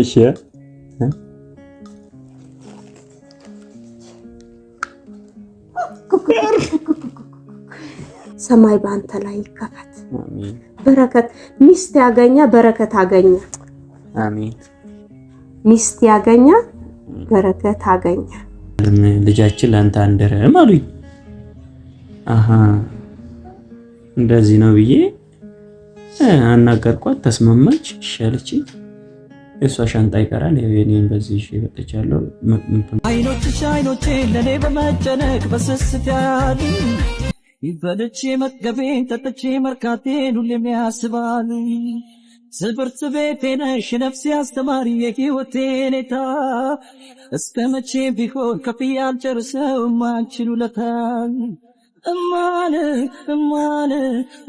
እሺ ሰማይ በአንተ ላይ ይከፈት። በረከት ሚስት ያገኘ በረከት አገኘ። አሜን። ሚስት ያገኘ በረከት አገኘ። ልጃችን ለአንተ አንደረም አሉኝ። አሀ እንደዚህ ነው ብዬ አናገርኳት፣ ተስማማች፣ ሸልች እሷ ሻንጣ ይቀራል የኔን በዚህ ይዤ አይኖችሽ አይኖቼ ለእኔ በመጨነቅ በስስት ያሉ ይበልቼ መገቤን ጠጥቼ መርካቴን ሁሌም ያስባሉ ስብርት ቤቴ ነሽ ነፍሴ አስተማሪ የህይወቴ ኔታ እስከ መቼ ቢሆን ከፍዬ አልጨርሰውም አንቺን እማን እማን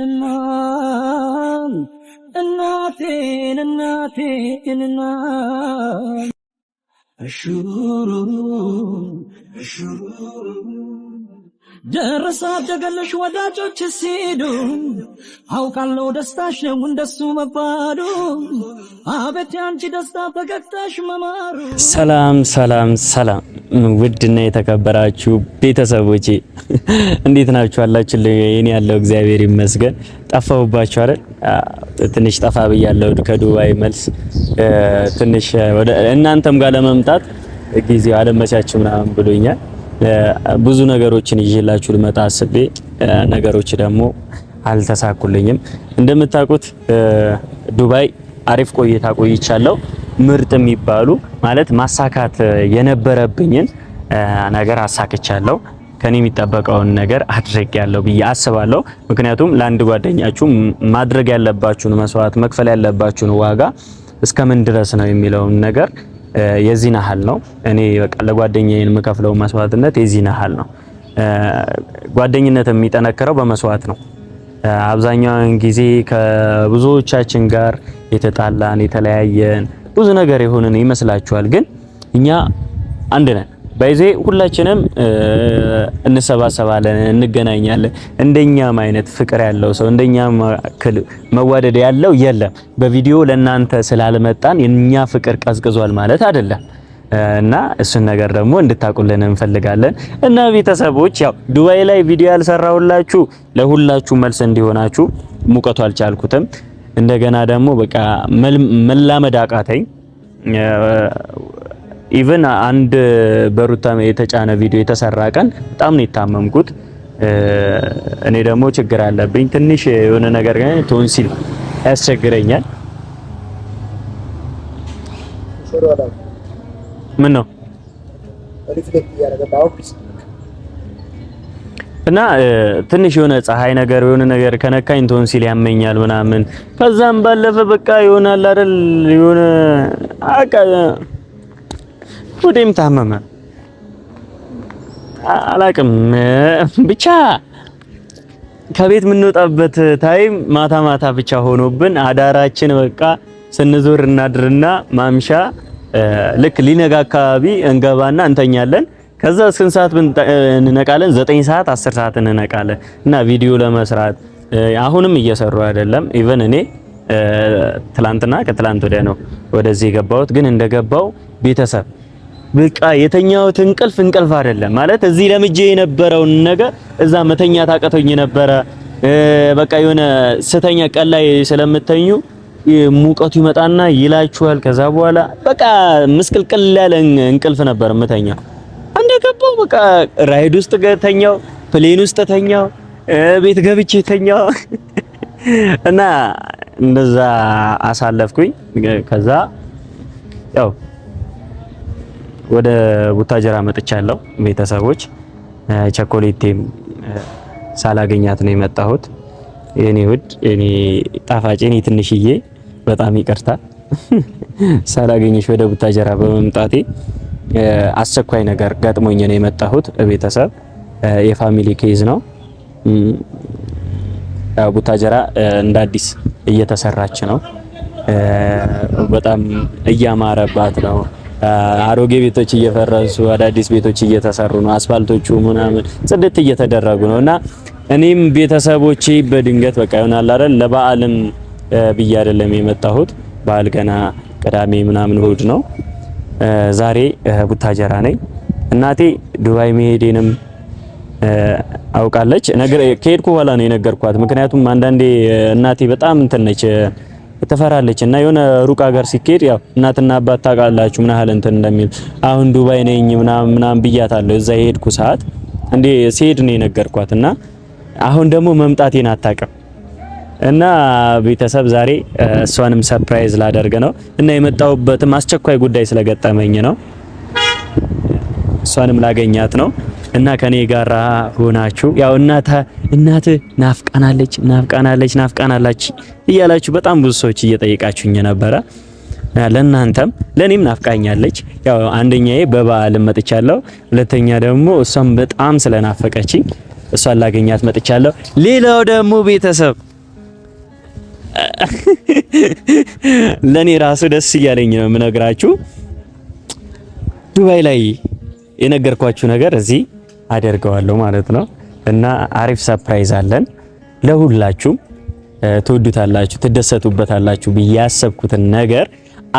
እማን እናቴን እናቴን እናም እሹሩ እሹሩ ደረሳ ደገለሽ ወዳጆች ሲሄዱ አውቃለሁ ደስታሽ ነው እንደሱ መባሉ አቤት ያንቺ ደስታ ፈገግታሽ መማሩ። ሰላም ሰላም ሰላም ውድና የተከበራችሁ ቤተሰቦቼ እንዴት ናችሁ? አላችሁ? እኔ ያለው እግዚአብሔር ይመስገን። ጠፋሁባችሁ አይደል? ትንሽ ጠፋ ብያለሁ ከዱባይ መልስ ትንሽ ወደ እናንተም ጋር ለመምጣት ጊዜው አለመቻችሁ ምናምን ብሎኛል። ብዙ ነገሮችን ይዤላችሁ ልመጣ አስቤ ነገሮች ደግሞ አልተሳኩልኝም። እንደምታውቁት ዱባይ አሪፍ ቆይታ ቆይቻለሁ። ምርጥ የሚባሉ ማለት ማሳካት የነበረብኝን ነገር አሳክቻለሁ። ከኔ የሚጠበቀውን ነገር አድረግ ያለው ብዬ አስባለሁ። ምክንያቱም ለአንድ ጓደኛችሁ ማድረግ ያለባችሁን መስዋዕት፣ መክፈል ያለባችሁን ዋጋ እስከምን ድረስ ነው የሚለውን ነገር የዚህ ያህል ነው። እኔ በቃ ለጓደኛዬን የምከፍለው መስዋዕትነት የዚህ ያህል ነው። ጓደኝነት የሚጠነክረው በመስዋዕት ነው። አብዛኛውን ጊዜ ከብዙዎቻችን ጋር የተጣላን የተለያየን ብዙ ነገር የሆንን ይመስላችኋል፣ ግን እኛ አንድ ነን። በይዜ ሁላችንም እንሰባሰባለን፣ እንገናኛለን። እንደኛም አይነት ፍቅር ያለው ሰው እንደኛም ክል መዋደድ ያለው የለም። በቪዲዮ ለእናንተ ስላልመጣን የኛ ፍቅር ቀዝቅዟል ማለት አይደለም። እና እሱን ነገር ደግሞ እንድታቁልን እንፈልጋለን። እና ቤተሰቦች ያው ዱባይ ላይ ቪዲዮ ያልሰራሁላችሁ ለሁላችሁ መልስ እንዲሆናችሁ ሙቀቱ አልቻልኩትም። እንደገና ደግሞ በቃ መላመድ አቃተኝ። ኢቭን አንድ በሩታ የተጫነ ቪዲዮ የተሰራ ቀን በጣም ነው የታመምኩት። እኔ ደግሞ ችግር አለብኝ ትንሽ የሆነ ነገር ግን ቶንሲል ያስቸግረኛል። ምን ነው እና ትንሽ የሆነ ፀሐይ ነገር የሆነ ነገር ከነካኝ ቶንሲል ያመኛል ምናምን። ከዛም ባለፈ በቃ ይሆናል አይደል የሆነ አቃ ወዴም ታመመ አላቅም ብቻ ከቤት የምንወጣበት ታይም ማታ ማታ ብቻ ሆኖብን አዳራችን በቃ ስንዞር እናድርና ማምሻ ልክ ሊነጋ አካባቢ እንገባና እንተኛለን። ከዛ ስንት ሰዓት እንነቃለን? ዘጠኝ ሰዓት አስር ሰዓት እንነቃለን እና ቪዲዮ ለመስራት አሁንም እየሰሩ አይደለም። ኢቨን እኔ ትላንትና ከትላንት ወዲያ ነው ወደዚህ የገባሁት፣ ግን እንደገባው ቤተሰብ በቃ የተኛሁት እንቅልፍ እንቅልፍ አይደለም ማለት እዚህ ለምጄ የነበረውን ነገር እዛ መተኛ አቅቶኝ የነበረ በቃ የሆነ ስተኛ ቀን ላይ ስለምተኙ ሙቀቱ ይመጣና ይላችኋል። ከዛ በኋላ በቃ ምስቅልቅል ያለ እንቅልፍ ነበር የምተኛው። ገባው። በቃ ራይድ ውስጥ ተኛው፣ ፕሌን ውስጥ ተኛው፣ ቤት ገብቼ ተኛው እና እንደዛ አሳለፍኩኝ። ከዛ ያው ወደ ቡታጀራ መጥቻለሁ። ቤተሰቦች ቸኮሌቴም ሳላገኛት ነው የመጣሁት። የኔ ውድ የኔ ጣፋጭ የኔ ትንሽዬ በጣም ይቅርታ ሳላገኘሽ ወደ ቡታጀራ በመምጣቴ አስቸኳይ ነገር ገጥሞኝ ነው የመጣሁት። ቤተሰብ የፋሚሊ ኬዝ ነው። ቡታጀራ እንደ አዲስ እየተሰራች ነው። በጣም እያማረባት ነው። አሮጌ ቤቶች እየፈረሱ አዳዲስ ቤቶች እየተሰሩ ነው። አስፋልቶቹ ምናምን ጽድት እየተደረጉ ነው እና እኔም ቤተሰቦቼ በድንገት በቃ ይሆናል አይደል ለበዓልም ብዬ አይደለም የመጣሁት። በዓል ገና ቅዳሜ ምናምን እሁድ ነው ዛሬ ቡታጀራ ነኝ። እናቴ ዱባይ መሄዴንም አውቃለች። ነገር ከሄድኩ በኋላ ነው የነገርኳት። ምክንያቱም አንዳንዴ እናቴ በጣም እንትን ነች ትፈራለች እና የሆነ ሩቅ ሀገር ሲኬድ ያው እናትና አባት ታውቃላችሁ ምን ያህል እንትን እንደሚል አሁን ዱባይ ነኝ ምናምን ምናምን ብያታለሁ። እዛ የሄድኩ ሰዓት እንዴ ሲሄድ ነው የነገርኳት እና አሁን ደግሞ መምጣቴን አታውቅም። እና ቤተሰብ ዛሬ እሷንም ሰርፕራይዝ ላደርግ ነው እና የመጣሁበትም አስቸኳይ ጉዳይ ስለገጠመኝ ነው። እሷንም ላገኛት ነው እና ከኔ ጋር ሆናችሁ ያው እናታ እናት ናፍቃናለች ናፍቃናለች ናፍቃናላች እያላችሁ በጣም ብዙ ሰዎች እየጠየቃችሁኝ ነበረ። ለእናንተም ለኔም ናፍቃኛለች። ያው አንደኛዬ በበዓል መጥቻለሁ፣ ሁለተኛ ደግሞ እሷም በጣም ስለናፈቀችኝ እሷን ላገኛት መጥቻለሁ። ሌላው ደግሞ ቤተሰብ ለኔ ራሱ ደስ እያለኝ ነው የምነግራችሁ። ዱባይ ላይ የነገርኳችሁ ነገር እዚህ አደርገዋለሁ ማለት ነው እና አሪፍ ሰርፕራይዝ አለን ለሁላችሁም። ትወዱታላችሁ፣ ትደሰቱበታላችሁ ብዬ ያሰብኩትን ነገር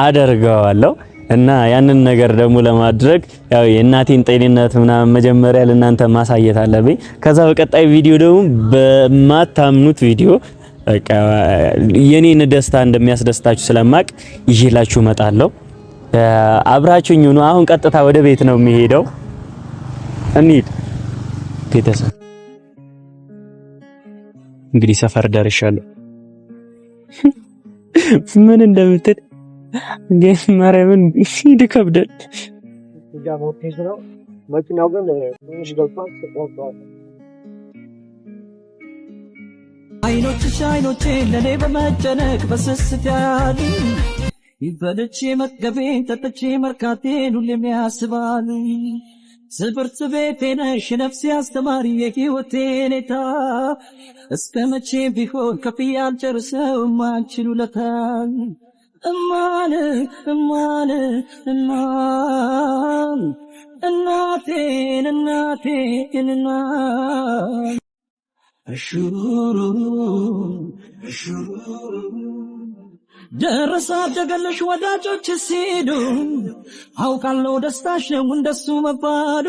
አደርገዋለሁ እና ያንን ነገር ደግሞ ለማድረግ ያው የእናቴን ጤንነት ምናምን መጀመሪያ ለእናንተ ማሳየት አለብኝ። ከዛ በቀጣይ ቪዲዮ ደግሞ በማታምኑት ቪዲዮ የኔን ደስታ እንደሚያስደስታችሁ ስለማቅ ይዤላችሁ እመጣለሁ። አብራችሁኝ ሁኑ። አሁን ቀጥታ ወደ ቤት ነው የሚሄደው። እንሂድ ቤተሰብ። እንግዲህ ሰፈር ደርሻለሁ። ምን እንደምትል ግን ማርያምን ሲድ ከብደል መኪናው ግን አይኖችሽ አይኖቼ ለእኔ በመጨነቅ በስስት ያያሉ ይበልቼ መጥገቤን ጠጥቼ መርካቴን ሁሌም ያስባሉ። ስብርት ቤቴ ነሽ የነፍሴ አስተማሪ የህይወቴ ኔታ እስከ መቼ ቢሆን ከፍዬ አልጨርሰው የማንችን ውለታ እማል እማል እናል እናቴን እናቴን እናል ደረሳ ደገለሽ ወዳጆች ሲሄዱ አውቃለው ደስታሽ ነው እንደሱ መባዱ።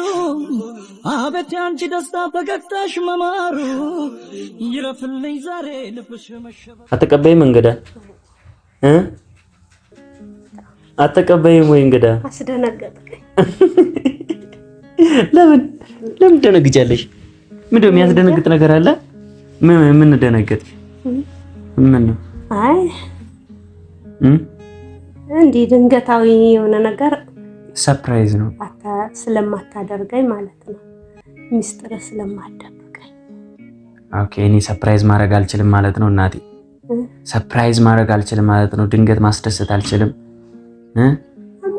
አቤት አንቺ ደስታ ፈገግታሽ መማሩ ይረፍልኝ ዛሬ ልብሽ መሸበር። አትቀበይም እንግዳ እ አትቀበይም ወይ እንግዳ? አስደነገጥከኝ። ለምን ለምን ደነግጃለሽ? ምንድን ነው የሚያስደነግጥ ነገር አለ? ምን ምን ደነገጥ? ምን ነው? አይ እንዲህ ድንገታዊ የሆነ ነገር ሰርፕራይዝ ነው ስለማታደርገኝ ማለት ነው፣ ሚስጥር ስለማደብቀኝ። ኦኬ እኔ ሰርፕራይዝ ማድረግ አልችልም ማለት ነው እናቴ? ሰርፕራይዝ ማድረግ አልችልም ማለት ነው? ድንገት ማስደሰት አልችልም?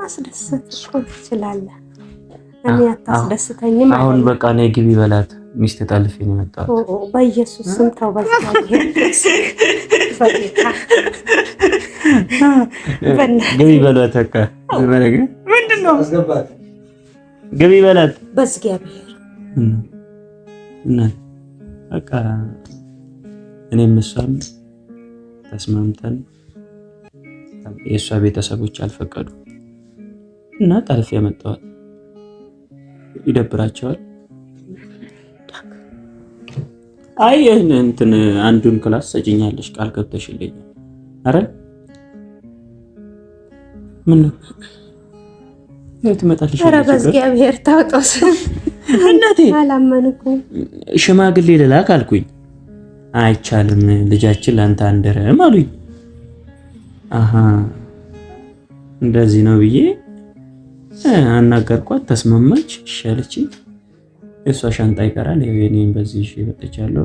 ማስደሰት እኮ ትችላለህ። እኔ አታስደስተኝም። አሁን በቃ ነይ ግቢ በላት ሚስት ተጣልፌ ነው የመጣሁት። በኢየሱስ ስም ተው። ግቢ በሏት፣ በቃ ምንድን ነው ግቢ በእግዚአብሔር በቃ እኔም እሷም ተስማምተን የእሷ ቤተሰቦች አልፈቀዱ እና ጠልፍ ያመጣዋል። ይደብራቸዋል አይ ይህን እንትን አንዱን ክላስ ሰጭኛለሽ ቃል ገብተሽልኝ። አረ ምን ነው ትመጣለሽ? ኧረ በእግዚአብሔር ታውጦስ እናቴ አላመንኩም። ሽማግሌ ልላክ አልኩኝ። አይቻልም ልጃችን ለአንተ አንደረም አሉኝ። አሀ እንደዚህ ነው ብዬ አናገርኳት። ተስማማች። ሸልችኝ የእሷ ሻንጣ ይቀራል። ያው የኔም በዚህ እሺ መጥቻለሁ።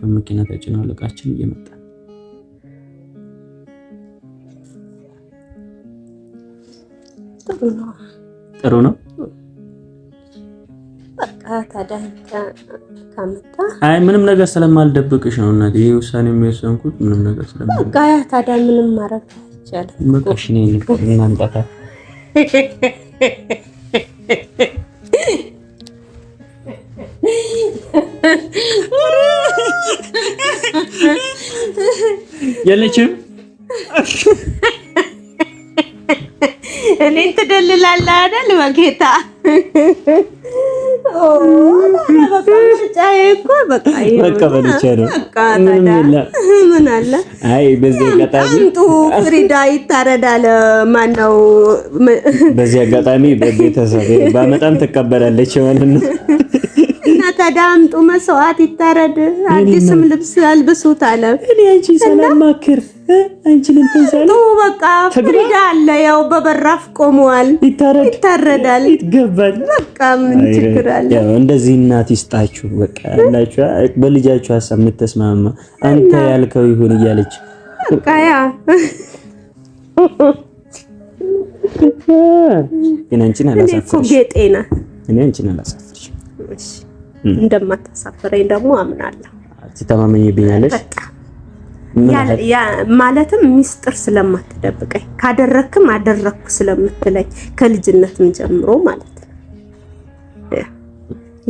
በመኪና ተጭኖ እቃችን እየመጣ ጥሩ ነው። አይ ምንም ነገር ስለማልደብቅሽ ነው እና ይህ ውሳኔ የሚወሰንኩት ምንም ነገር ስለማልደብቅሽ በቃ። ታዲያ ምንም ማድረግ አይቻልም። በቃ እሺ እናምጣታ የለችም። እኔን ትደልላለህ አይደል? በጌታ መቀበል ምን አለ? አይ በዚህ አጋጣሚ ፍሪዳ ይታረዳል። በዚህ አጋጣሚ በቤተሰብ በመጣም ትቀበላለች የሆነ ነው ተዳምጡ፣ መስዋዕት ይታረድ፣ አዲስም ልብስ አልብሱት አለ። እኔ አንቺ ሰላም ማክር አንቺንም ተንሳለ በቃ ፍሪዳ አለ። ያው በበራፍ ቆመዋል፣ ይታረዳል፣ ይገባል። በቃ ምን ችግር አለ? እንደዚህ እናት ይስጣችሁ። በቃ አላችሁ በልጃችሁ ሀሳብ የምትስማማ አንተ ያልከው ይሁን እያለች በቃ ያ ግን አንቺን አላሳፍርሽ። እኔ እኮ ጌጤ ነህ። አንቺን አላሳፍርሽ። እንደማታሳፍረኝ ደግሞ አምናለሁ። ትተማመኝብኛለሽ ማለትም ሚስጥር ስለማትደብቀኝ ካደረክም አደረግኩ ስለምትለኝ ከልጅነትም ጀምሮ ማለት ነው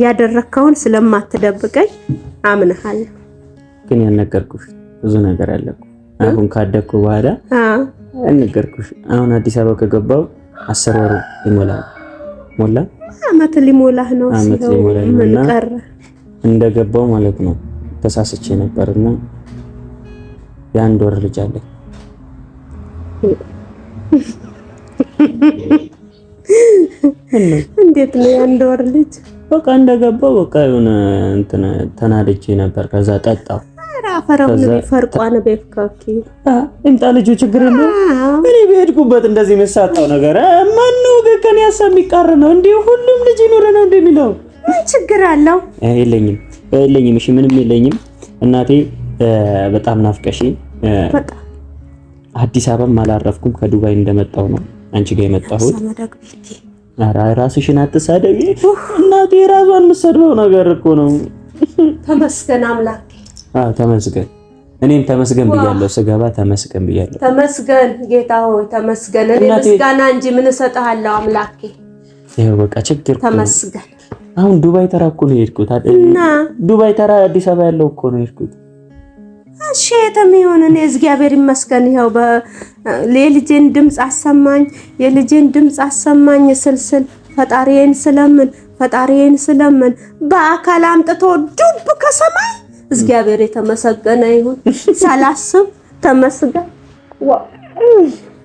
ያደረግከውን ስለማትደብቀኝ አምንሃለሁ። ግን ያልነገርኩሽ ብዙ ነገር አለኩ። አሁን ካደግኩ በኋላ ያልነገርኩሽ አሁን አዲስ አበባ ከገባው አስር ወሩ ይሞላል ሞላ አመት ሊሞላህ ነው ሲለው ምን ቀረ እንደገባው ማለት ነው። ተሳስቼ ነበርና የአንድ ወር ልጅ አለኝ። እንዴት ነው የአንድ ወር ልጅ? በቃ እንደገባው በቃ የሆነ እንትን ተናድጄ ነበር። ከዛ ጠጣው አፈራው ፈርቋን በፍካኪ እምጣ ልጁ ችግር ነው። እኔ በሄድኩበት እንደዚህ የምሳጣው ነገር ማን ነው? ከኔ ሀሳብ የሚቃር ነው እንዴ? ሁሉም ልጅ ይኖረ ነው እንደሚለው ችግር አለው። የለኝም የለኝም፣ እሺ ምንም የለኝም። እናቴ በጣም ናፍቀሽ፣ አዲስ አበባም አላረፍኩም። ከዱባይ እንደመጣው ነው አንቺ ጋር የመጣሁት። ራስሽን አትሳደቢ እናቴ። ራሷን የምትሰድበው ነገር እኮ ነው። ተመስገን አምላክ ተመስገን። እኔም ተመስገን ብያለሁ። ስገባ ተመስገን ብያለሁ። ተመስገን ጌታ ሆይ ተመስገን። እኔ ምስጋና እንጂ ምን እሰጥሃለሁ አምላኬ። ይኸው በቃ ችግር ተመስገን። አሁን ዱባይ ተራ እኮ ነው የሄድኩት እና ዱባይ ተራ አዲስ አበባ ያለው እኮ ነው የሄድኩት። እሺ የተሚሆን እኔ እግዚአብሔር ይመስገን። ይኸው የልጄን ድምፅ አሰማኝ፣ የልጄን ድምፅ አሰማኝ ስልስል ፈጣሪዬን ስለምን ፈጣሪዬን ስለምን በአካል አምጥቶ ዱብ ከሰማይ እግዚአብሔር የተመሰገነ ይሁን። ሳላስብ ተመስገን።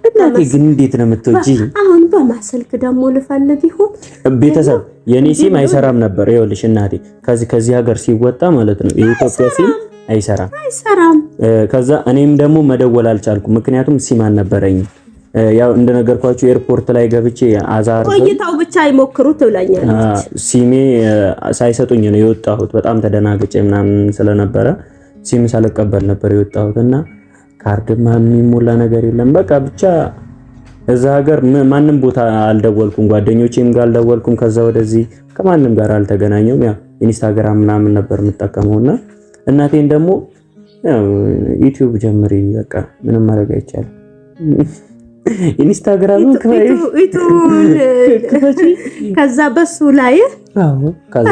እናቴ ግን እንዴት ነው የምትወጪ? አሁን በማስልክ ደግሞ ልፈልግ ይሁን ቤተሰብ የኔ ሲም አይሰራም ነበር። ይኸውልሽ እናቴ ከዚህ ከዚህ ሀገር ሲወጣ ማለት ነው የኢትዮጵያ ሲም አይሰራም አይሰራም። ከዛ እኔም ደግሞ መደወል አልቻልኩ፣ ምክንያቱም ሲም አልነበረኝም። ያው እንደነገርኳችሁ ኤርፖርት ላይ ገብቼ አዛር ቆይታው ብቻ አይሞክሩት ብላኛለች። ሲሜ ሳይሰጡኝ ነው የወጣሁት። በጣም ተደናግጬ ምናምን ስለነበረ ሲም ሳልቀበል ነበር የወጣሁት እና ካርድማ የሚሞላ ነገር የለም። በቃ ብቻ እዛ ሀገር ማንም ቦታ አልደወልኩም፣ ጓደኞቼም ጋር አልደወልኩም። ከዛ ወደዚህ ከማንም ጋር አልተገናኘውም። ያ ኢንስታግራም ምናምን ነበር የምጠቀመውና እናቴን ደግሞ ዩቲዩብ ጀምሪ በቃ ምንም ማድረግ አይቻልም። ኢንስታግራም ከዛ በሱ ላይ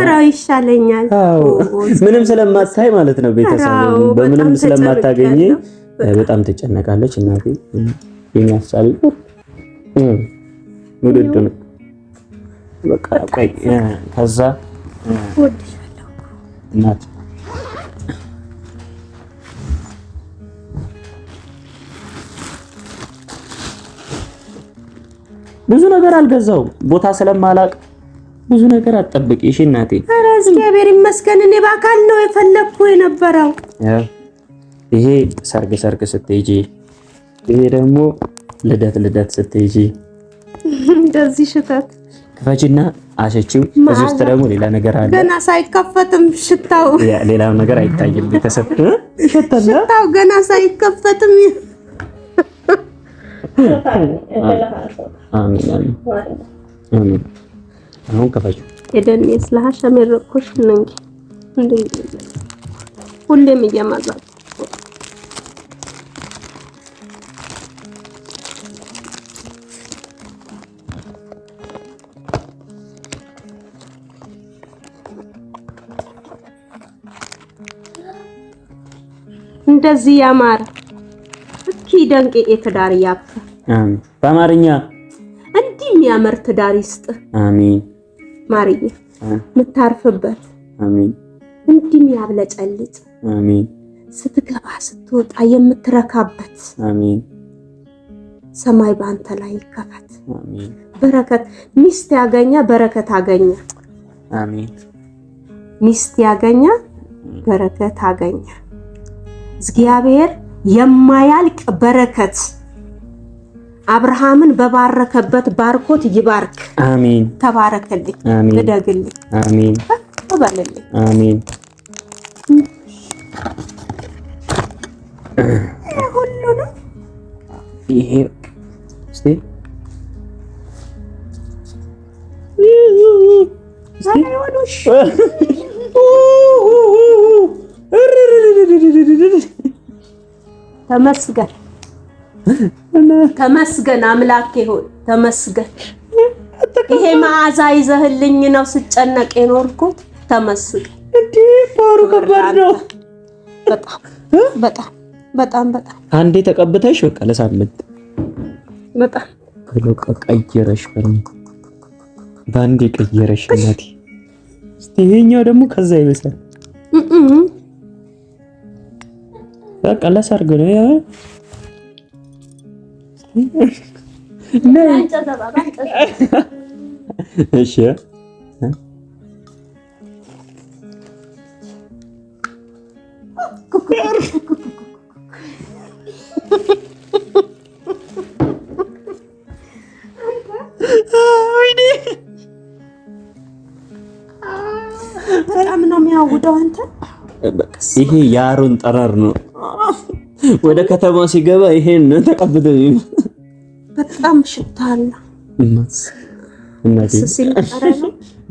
ራ ይሻለኛል ምንም ስለማታይ ማለት ነው። ቤተሰብ በምንም ስለማታገኝ በጣም ትጨነቃለች። እናቴ የሚያሳል ውድድ ነው። ከዛ እናት ብዙ ነገር አልገዛውም። ቦታ ስለማላቅ ብዙ ነገር አትጠብቂ እሺ እናቴ። ኧረ እግዚአብሔር ይመስገን እኔ በአካል ነው የፈለግኩ የነበረው። ይሄ ሰርግ ሰርግ ስትሄጂ፣ ይሄ ደግሞ ልደት ልደት ስትሄጂ እንደዚህ ሽተት ክፈችና አሸችው። እዚህ ውስጥ ደግሞ ሌላ ነገር አለ። ገና ሳይከፈትም ሽታው ሌላ ነገር አይታይም። ቤተሰብ ሽታው ገና ሳይከፈትም አሁን ከፋች ሄደን የስለሀሻ ሁሌም እያማዛት እንደዚህ ያማረ እኪ ደንቅ የትዳር ያብብ በአማርኛ እንዲህ የሚያምር ትዳር ይስጥ። አሜን። ማርዬ የምታርፍበት አሜን። እንዲህ የሚያብለጨልጭ አሜን። ስትገባ ስትወጣ የምትረካበት አሜን። ሰማይ በአንተ ላይ ይከፈት። አሜን። በረከት ሚስት ያገኘ በረከት አገኘ። አሜን። ሚስት ያገኘ በረከት አገኘ። እግዚአብሔር የማያልቅ በረከት አብርሃምን በባረከበት ባርኮት ይባርክ። አሜን። ተባረከልኝ፣ እደግልኝ፣ አሜን በልልኝ። አሜን። ነው ይሄ እስቲ ተመስገን ተመስገን አምላኬ ሆይ ተመስገን። ይሄ መዓዛ ይዘህልኝ ነው ስጨነቅ የኖርኩት ተመስገን። እንዴ ባሩ ከባድ ነው በጣም በጣም በጣም በጣም አንዴ ተቀብተሽ በቃ ለሳምንት በጣም በቃ ቀየረሽ፣ ባንዴ ቀየረሽ እናቴ። ይሄኛው ደግሞ ከዛ ይበሳል። በቃ ለሰርግ ነው እሺ በጣም ነው የሚያውደው። አንተ ይሄ የአሮን ጠረር ነው። ወደ ከተማ ሲገባ ይሄን ተቀብቶ በጣም ሽታ አለ።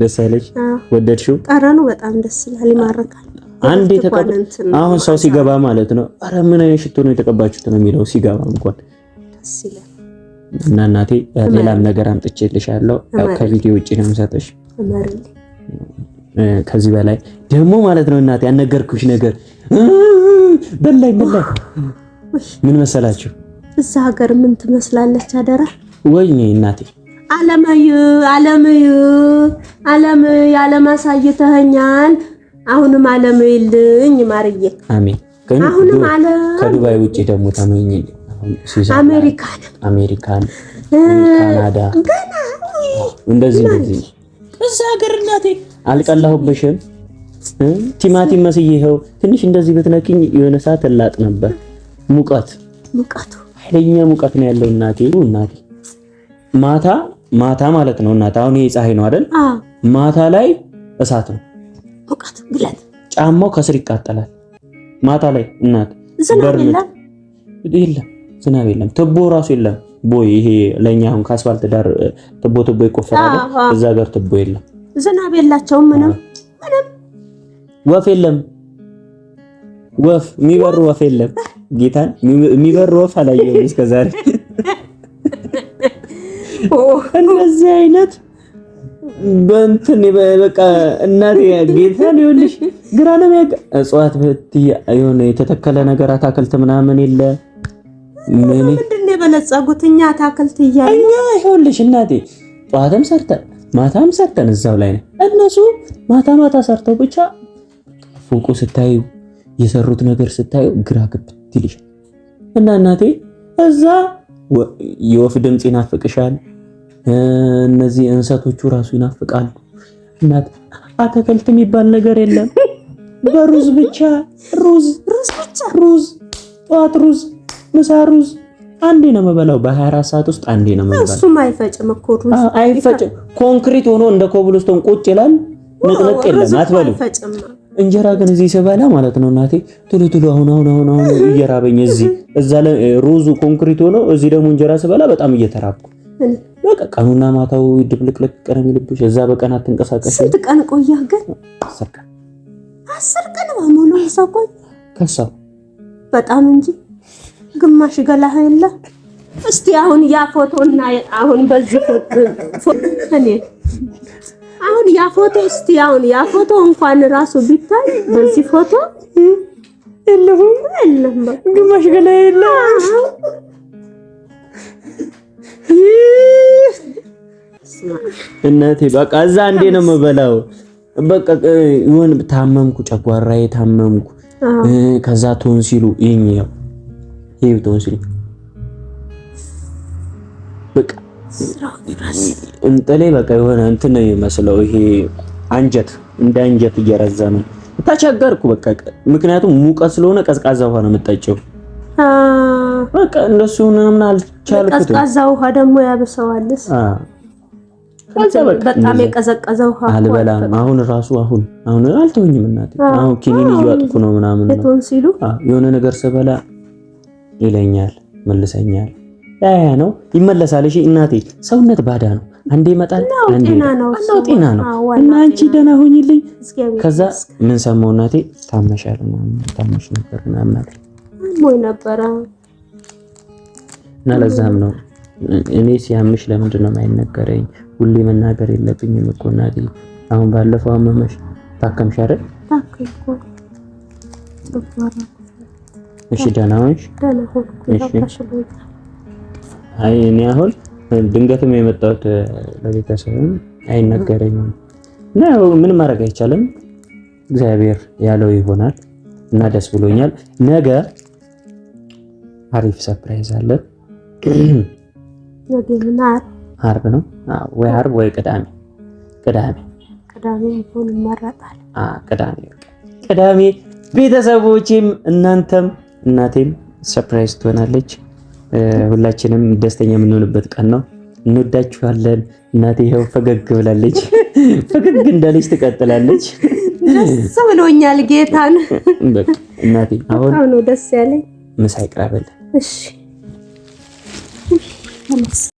ደስ አለሽ? ወደድሽው? ጠረኑ በጣም ደስ ይላል፣ ይማርካል። አንድ አሁን ሰው ሲገባ ማለት ነው አረ ምን አይነት ሽቶ ነው የተቀባችሁት ነው የሚለው ሲገባ እንኳን ደስ ይላል። እና እናቴ ሌላም ነገር አምጥቼልሻለሁ። ያው ከቪዲዮ ውጪ ነው የምሰጥሽ። ከዚህ በላይ ደግሞ ማለት ነው እናቴ ያነገርኩሽ ነገር በላይ በላይ ምን መሰላችሁ እዛ ሀገር ምን ትመስላለች? አደራ ወይኔ እናቴ አለማዩ አለምዩ አለም ያለም አሳይተኸኛል። አሁንም አለም ይልኝ ማርዬ፣ አሜን። አሁንም አለም ከዱባይ ውጪ ደግሞ ተመኝልኝ አሜሪካን፣ አሜሪካን፣ ካናዳ ገና እንደዚህ እንደዚህ እዛ ሀገር እናቴ አልቀላሁብሽም። ቲማቲም መስዬ ይኸው ትንሽ እንደዚህ ብትነኪኝ የሆነ ሰዓት እላጥ ነበር። ሙቀት ሙቀቱ ኃይለኛ ሙቀት ነው ያለው። እናቴ እናቴ ማታ ማታ ማለት ነው እናቴ አሁን ይሄ ፀሐይ ነው አይደል? ማታ ላይ እሳት ነው ሙቀት፣ ግለት፣ ጫማው ከስር ይቃጠላል። ማታ ላይ እናት ዝናብ የለም፣ ዝናብ የለም፣ ትቦ ራሱ የለም። ቦይ ይሄ ለኛ አሁን ከአስፋልት ዳር ትቦ ትቦ ይቆፈራል። እዛ ጋር ትቦ የለም፣ ዝናብ የላቸውም፣ ምንም ምንም፣ ወፍ የለም፣ ወፍ የሚበሩ ወፍ የለም። ጌታን የሚበር ወፍ አላየሁም እስከዛሬ። እነዚህ አይነት በእንትን በቃ እናቴ ጌታን ይኸውልሽ፣ ግራ ነው ያቀ እጽዋት በት የሆነ የተተከለ ነገር አታክልት ምናምን የለ ምን እንደ በለጸጉት እኛ አታክልት እያለ እኛ ይኸውልሽ እናቴ ጠዋትም ሰርተን ማታም ሰርተን እዛው ላይ ነው። እነሱ ማታ ማታ ሰርተው ብቻ ፎቁ ስታዩ የሰሩት ነገር ስታዩ ግራ ግብት ይልሻል። እና እናቴ እዛ የወፍ ድምፅ ይናፍቅሻል። እነዚህ እንሰቶቹ ራሱ ይናፍቃሉ። እናት አትክልት የሚባል ነገር የለም በሩዝ ብቻ ሩዝ ሩዝ ብቻ ሩዝ፣ ጠዋት ሩዝ፣ ምሳ ሩዝ። አንዴ ነው የምበላው በ24 ሰዓት ውስጥ አንዴ ነው የምበላው። እሱም አይፈጭም እኮ ሩዝ አይፈጭም። ኮንክሪት ሆኖ እንደ ኮብልስቶን ቁጭ ይላል። ንቅንቅ የለም አትበሉ እንጀራ ግን እዚህ ስበላ ማለት ነው እናቴ ቶሎ ቶሎ አሁን አሁን አሁን አሁን እየራበኝ እዚህ እዛ ሮዙ ኮንክሪት ሆኖ እዚህ ደግሞ እንጀራ ስበላ በጣም እየተራብኩ በቃ ቀኑና ማታው ድብልቅልቅ ቀረም ይልብሽ እዛ በቀን አትንቀሳቀስ። ስንት ቀን ቆየህ ግን? አስር ቀን አስር ቀን በሙሉ እዛ ቆይ ከሳው በጣም እንጂ ግማሽ ገላህ የለ። እስቲ አሁን ያ ፎቶና አሁን በዚህ ፎቶ እኔ አሁን ያ ፎቶ እስቲ አሁን ያ ፎቶ እንኳን ራሱ ቢታይ በዚህ ፎቶ የለሁም የለም፣ ግማሽ ገላ የለም። እናቴ በቃ እዛ እንዴ ነው የምበላው። በቃ ይሁን ታመምኩ፣ ጨጓራዬ ታመምኩ። ከዛ ቶን ቶንሲሉ ይኸው ይኸው ሲሉ በቃ እንጥሌ በቃ የሆነ እንትን ነው የሚመስለው። ይሄ አንጀት እንደ አንጀት እየረዘመ ተቸገርኩ። በቃ ምክንያቱም ሙቀት ስለሆነ ቀዝቃዛ ውሃ ነው የምጠጪው። በቃ እንደሱ ምናምን አልቻልኩት። ቀዝቃዛ ውሃ ደግሞ ያብሰዋልስ። በጣም የቀዘቀዘ ውሃ አልበላም። አሁን ራሱ አሁን አሁን አልተወኝም እናቴ። አሁን ኪኒን እያወጥኩ ነው ምናምን ነው ሲሉ የሆነ ነገር ስበላ ይለኛል፣ መልሰኛል ያያ ነው ይመለሳል። እሺ እናቴ፣ ሰውነት ባዳ ነው። አንዴ ይመጣል፣ አንዴ ነው ጤና ነው። እና አንቺ ደህና ሆኝልኝ። ከዛ ምን ሰማው እናቴ፣ ታመሻል፣ ታመሽ ነበር ምናምን አለ ሞይ ነበረ። እና ለዛም ነው እኔ ሲያምሽ ለምንድን ነው የማይነገረኝ? ሁሌ መናገር የለብኝም እኮ እናቴ። አሁን ባለፈው አመመሽ ታከምሽ አይደል? ታከምኩ። እሺ ደህና ሆንሽ? ደህና ሆንኩ። አይ እኔ አሁን ድንገትም የመጣሁት ለቤተሰብም አይነገረኝም እና ምን ማድረግ አይቻልም። እግዚአብሔር ያለው ይሆናል እና ደስ ብሎኛል። ነገ አሪፍ ሰርፕራይዝ አለ። አርብ ነው ወይ አርብ ወይ ቅዳሜ ቅዳሜ ቅዳሜ ቅዳሜ ቤተሰቦቼም እናንተም እናቴም ሰርፕራይዝ ትሆናለች። ሁላችንም ደስተኛ የምንሆንበት ቀን ነው። እንወዳችኋለን። እናቴ ይኸው ፈገግ ብላለች። ፈገግ እንዳለች ትቀጥላለች። ደስ ብሎኛል። ጌታን እናቴ አሁን ነው ደስ ያለኝ። ምሳ ይቅራበል። እሺ